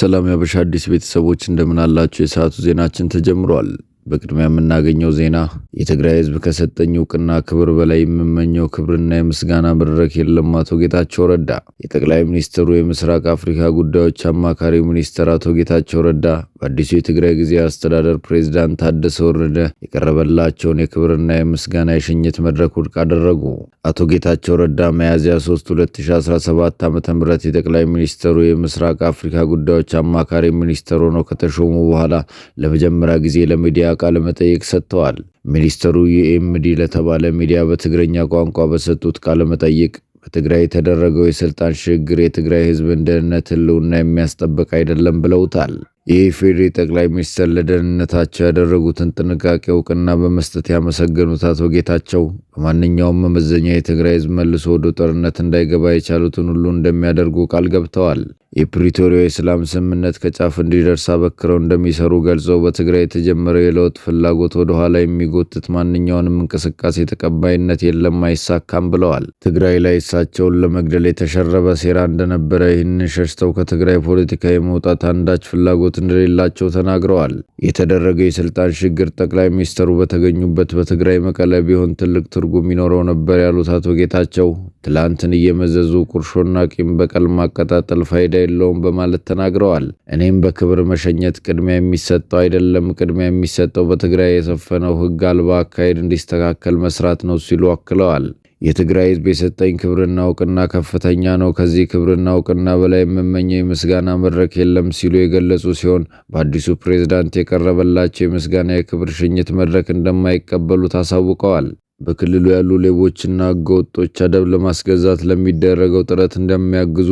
ሰላም ያበሻ አዲስ ቤተሰቦች እንደምን አላችሁ? የሰዓቱ ዜናችን ተጀምሯል። በቅድሚያ የምናገኘው ዜና የትግራይ ህዝብ ከሰጠኝ እውቅና ክብር በላይ የምመኘው ክብርና የምስጋና መድረክ የለም። አቶ ጌታቸው ረዳ የጠቅላይ ሚኒስትሩ የምስራቅ አፍሪካ ጉዳዮች አማካሪ ሚኒስትር አቶ ጌታቸው ረዳ በአዲሱ የትግራይ ጊዜ አስተዳደር ፕሬዚዳንት ታደሰ ወረደ የቀረበላቸውን የክብርና የምስጋና የሽኝት መድረክ ውድቅ አደረጉ። አቶ ጌታቸው ረዳ መያዝያ 3 2017 ዓ ም የጠቅላይ ሚኒስትሩ የምስራቅ አፍሪካ ጉዳዮች አማካሪ ሚኒስትር ሆነው ከተሾሙ በኋላ ለመጀመሪያ ጊዜ ለሚዲያ ቃለ መጠይቅ ሰጥተዋል። ሚኒስትሩ ዩኤምዲ ለተባለ ሚዲያ በትግረኛ ቋንቋ በሰጡት ቃለ መጠይቅ በትግራይ የተደረገው የስልጣን ሽግግር የትግራይ ሕዝብን ደህንነት ህልውና የሚያስጠብቅ አይደለም ብለውታል። የኢፌዴሪ ጠቅላይ ሚኒስትር ለደህንነታቸው ያደረጉትን ጥንቃቄ እውቅና በመስጠት ያመሰገኑት አቶ ጌታቸው በማንኛውም መመዘኛ የትግራይ ህዝብ መልሶ ወደ ጦርነት እንዳይገባ የቻሉትን ሁሉ እንደሚያደርጉ ቃል ገብተዋል። የፕሪቶሪያ የሰላም ስምምነት ከጫፍ እንዲደርስ አበክረው እንደሚሰሩ ገልጸው በትግራይ የተጀመረው የለውጥ ፍላጎት ወደ ኋላ የሚጎትት ማንኛውንም እንቅስቃሴ ተቀባይነት የለም፣ አይሳካም ብለዋል። ትግራይ ላይ እሳቸውን ለመግደል የተሸረበ ሴራ እንደነበረ፣ ይህንን ሸሽተው ከትግራይ ፖለቲካ የመውጣት አንዳች ፍላጎት እንደሌላቸው ተናግረዋል። የተደረገው የስልጣን ሽግግር ጠቅላይ ሚኒስትሩ በተገኙበት በትግራይ መቀለ ቢሆን ትልቅ ትርጉ ሲያደርጉም ይኖረው ነበር ያሉት አቶ ጌታቸው ትላንትን እየመዘዙ ቁርሾና ቂም በቀል ማቀጣጠል ፋይዳ የለውም በማለት ተናግረዋል። እኔም በክብር መሸኘት ቅድሚያ የሚሰጠው አይደለም፣ ቅድሚያ የሚሰጠው በትግራይ የሰፈነው ሕግ አልባ አካሄድ እንዲስተካከል መስራት ነው ሲሉ አክለዋል። የትግራይ ህዝብ የሰጠኝ ክብርና እውቅና ከፍተኛ ነው። ከዚህ ክብርና እውቅና በላይ የምመኘው የምስጋና መድረክ የለም ሲሉ የገለጹ ሲሆን በአዲሱ ፕሬዝዳንት የቀረበላቸው የምስጋና የክብር ሽኝት መድረክ እንደማይቀበሉት አሳውቀዋል። በክልሉ ያሉ ሌቦችና ህገወጦች አደብ ለማስገዛት ለሚደረገው ጥረት እንደሚያግዙ፣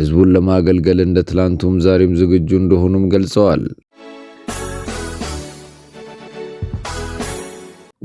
ህዝቡን ለማገልገል እንደ ትላንቱም ዛሬም ዝግጁ እንደሆኑም ገልጸዋል።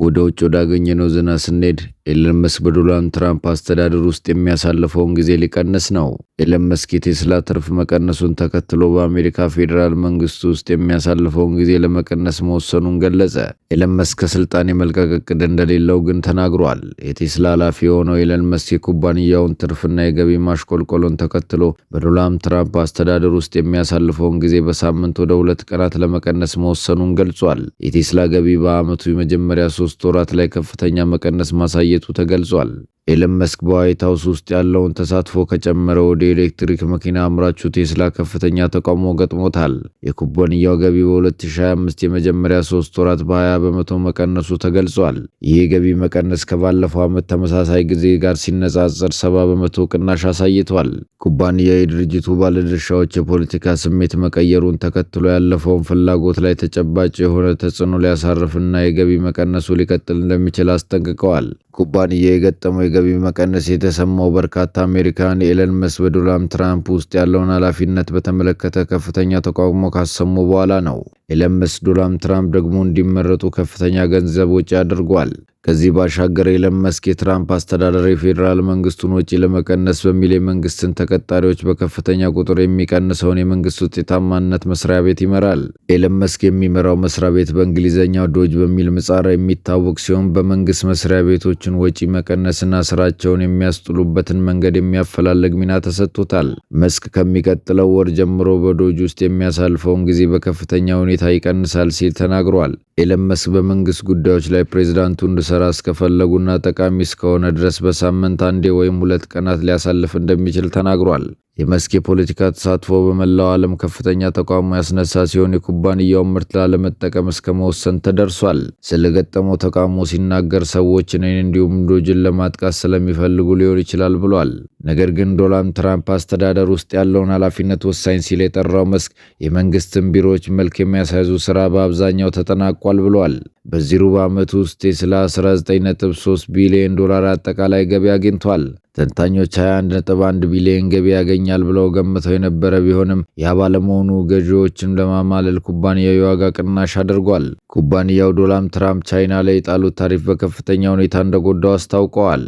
ወደ ውጭ ወዳገኘነው ዜና ስንሄድ ኤለን መስክ በዶናልድ ትራምፕ አስተዳደር ውስጥ የሚያሳልፈውን ጊዜ ሊቀንስ ነው። ኤለን መስክ የቴስላ ትርፍ መቀነሱን ተከትሎ በአሜሪካ ፌዴራል መንግስት ውስጥ የሚያሳልፈውን ጊዜ ለመቀነስ መወሰኑን ገለጸ። ኤለን መስክ ከስልጣን የመልቀቅ እቅድ እንደሌለው ግን ተናግሯል። የቴስላ ኃላፊ የሆነው ኤለን መስክ የኩባንያውን ትርፍና የገቢ ማሽቆልቆሎን ተከትሎ በዶናልድ ትራምፕ አስተዳደር ውስጥ የሚያሳልፈውን ጊዜ በሳምንት ወደ ሁለት ቀናት ለመቀነስ መወሰኑን ገልጿል። የቴስላ ገቢ በዓመቱ የመጀመሪያ ሶስት ወራት ላይ ከፍተኛ መቀነስ ማሳየቱ ተገልጿል። ኤለን መስክ በዋይት ሀውስ ውስጥ ያለውን ተሳትፎ ከጨመረ ወደ ኤሌክትሪክ መኪና አምራቹ ቴስላ ከፍተኛ ተቃውሞ ገጥሞታል። የኩባንያው ገቢ በ2025 የመጀመሪያ ሶስት ወራት በ20 በመቶ መቀነሱ ተገልጿል። ይህ የገቢ መቀነስ ከባለፈው ዓመት ተመሳሳይ ጊዜ ጋር ሲነጻጸር 70 በመቶ ቅናሽ አሳይቷል። ኩባንያ የድርጅቱ ባለድርሻዎች የፖለቲካ ስሜት መቀየሩን ተከትሎ ያለፈውን ፍላጎት ላይ ተጨባጭ የሆነ ተጽዕኖ ሊያሳርፍና የገቢ መቀነሱ ሊቀጥል እንደሚችል አስጠንቅቀዋል። ኩባንያ የገጠመው ገቢ መቀነስ የተሰማው በርካታ አሜሪካን ኤለን መስ በዶናልድ ትራምፕ ውስጥ ያለውን ኃላፊነት በተመለከተ ከፍተኛ ተቃውሞ ካሰሙ በኋላ ነው። ኤለን መስ ዶናልድ ትራምፕ ደግሞ እንዲመረጡ ከፍተኛ ገንዘብ ወጪ አድርጓል። ከዚህ ባሻገር የለም መስክ የትራምፕ አስተዳደር የፌዴራል መንግስቱን ወጪ ለመቀነስ በሚል የመንግስትን ተቀጣሪዎች በከፍተኛ ቁጥር የሚቀንሰውን የመንግስት ውጤታማነት መስሪያ ቤት ይመራል። ኤለም መስክ የሚመራው መስሪያ ቤት በእንግሊዝኛው ዶጅ በሚል ምጻር የሚታወቅ ሲሆን በመንግስት መስሪያ ቤቶችን ወጪ መቀነስና ስራቸውን የሚያስጥሉበትን መንገድ የሚያፈላለግ ሚና ተሰጥቶታል። መስክ ከሚቀጥለው ወር ጀምሮ በዶጅ ውስጥ የሚያሳልፈውን ጊዜ በከፍተኛ ሁኔታ ይቀንሳል ሲል ተናግሯል። ኤለን መስክ ጉዳዮች ላይ ፕሬዚዳንቱ እንድሰራ እስከፈለጉና ጠቃሚ እስከሆነ ድረስ በሳምንት አንዴ ወይም ሁለት ቀናት ሊያሳልፍ እንደሚችል ተናግሯል። የመስክ የፖለቲካ ተሳትፎ በመላው ዓለም ከፍተኛ ተቃውሞ ያስነሳ ሲሆን የኩባንያውን ምርት ላለመጠቀም እስከ መወሰን ተደርሷል። ስለገጠመው ተቃውሞ ሲናገር ሰዎች እኔን እንዲሁም ዶጅን ለማጥቃት ስለሚፈልጉ ሊሆን ይችላል ብሏል። ነገር ግን ዶናልድ ትራምፕ አስተዳደር ውስጥ ያለውን ኃላፊነት ወሳኝ ሲል የጠራው መስክ የመንግስትን ቢሮዎች መልክ የሚያሳይዙ ስራ በአብዛኛው ተጠናቋል ብሏል። በዚህ ሩብ ዓመት ውስጥ ቴስላ 19.3 ቢሊዮን ዶላር አጠቃላይ ገቢ አግኝቷል። ተንታኞች 21.1 ቢሊዮን ገቢ ያገኛል ብለው ገምተው የነበረ ቢሆንም ያ ባለመሆኑ ገዢዎችን ለማማለል ኩባንያው የዋጋ ቅናሽ አድርጓል። ኩባንያው ዶናልድ ትራምፕ ቻይና ላይ የጣሉት ታሪፍ በከፍተኛ ሁኔታ እንደጎዳው አስታውቀዋል።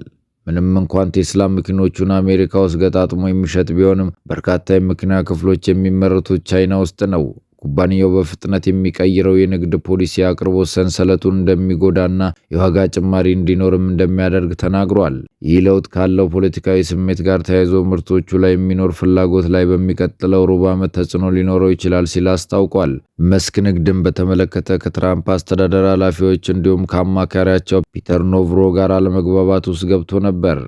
ምንም እንኳን ቴስላ መኪኖቹን አሜሪካ ውስጥ ገጣጥሞ የሚሸጥ ቢሆንም በርካታ የመኪና ክፍሎች የሚመረቱት ቻይና ውስጥ ነው። ኩባንያው በፍጥነት የሚቀይረው የንግድ ፖሊሲ አቅርቦት ሰንሰለቱን እንደሚጎዳና የዋጋ ጭማሪ እንዲኖርም እንደሚያደርግ ተናግሯል። ይህ ለውጥ ካለው ፖለቲካዊ ስሜት ጋር ተያይዞ ምርቶቹ ላይ የሚኖር ፍላጎት ላይ በሚቀጥለው ሩብ ዓመት ተጽዕኖ ሊኖረው ይችላል ሲል አስታውቋል። መስክ ንግድን በተመለከተ ከትራምፕ አስተዳደር ኃላፊዎች እንዲሁም ከአማካሪያቸው ፒተር ኖቭሮ ጋር አለመግባባት ውስጥ ገብቶ ነበር።